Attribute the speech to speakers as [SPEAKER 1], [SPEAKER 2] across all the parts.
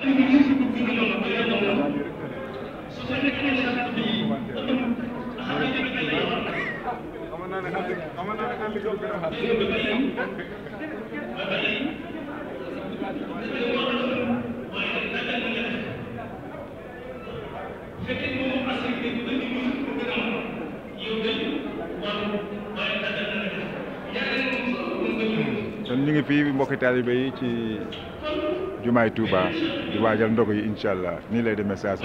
[SPEAKER 1] kon
[SPEAKER 2] ñu ngi fii mbokki taalibe yi ci jumaay Touba di waajal ndogu yi incha allah nii lay demee saa su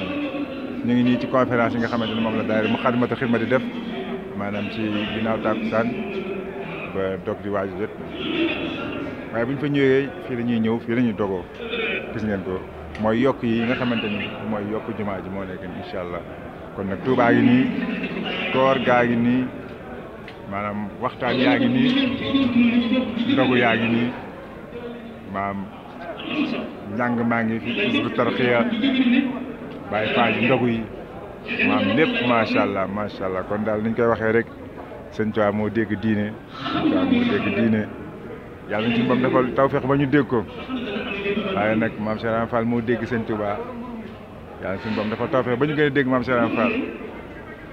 [SPEAKER 2] ñu ngi nii ci conférence yi nga xamante ni moom la daayira Moukhaddamatoul ma di def maanaam ci ginnaaw tàkkusaan ba dog di waaj jot waaye bu ñu fa ñëwee fii la ñuy ñëw fii la ñuy dogoo ngeen ko mooy yokk yi nga xamante ni mooy yokk jumaa ji moo nekk nii incha allah kon nag Touba yi nii koor gaa gi nii maanaam waxtaan yaa ngi nii ndogu yaa ngi nii maam. njàng maa ngi fi Hizbu Tarqiya Baay Faal yi ndogu yi maam lépp macha allah macha allah kon daal ni ñu koy waxee rek sëñ Tuubaa moo dégg diine sëñ Tuubaa moo dégg diine yàlla nañ ci moom defal tawfeex ba ñu dégg ko waaye nag maam Cheikh moo dégg sëñ Tuubaa yàlla suñu dafa tawfeex ba ñu gën a dégg maam Cheikh Fall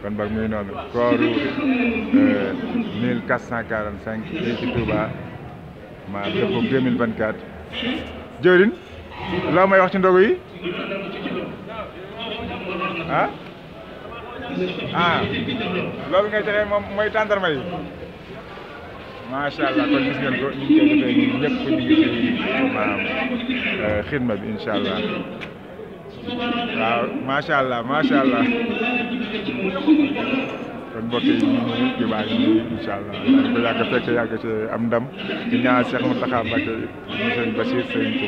[SPEAKER 2] kon boog muy noonu kooru 1445 euh, fii ci Touba maa dëppoo 2024 jëwrin loo may wax ci ndogu yi ah ah loolu ngay joxe moom mooy tàndarma yi macha allah kon gis ngeen ko ñu ngi koy defee ñun ñëpp ñu ngi ci maanaam euh, xidma bi incha allah waaw macha allah macha allah. kon mbokk yi ñu ngi ñu baax ñu ngi ci am ndam di ñaan Cheikh Mountakha Mbacké mu sëñ Bassir sëñ ci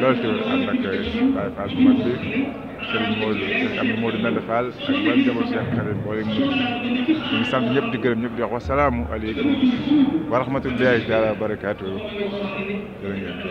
[SPEAKER 2] lool ci ànd ak Baye Fall bu mag bi Serigne am Modou Mende Fall ak ban jamono Cheikh Karim boole ñu ngi sant ñëpp di gërëm ñëpp di wax wasalaamu aleykum wa rahmatullahi barakaatu jërë ngeen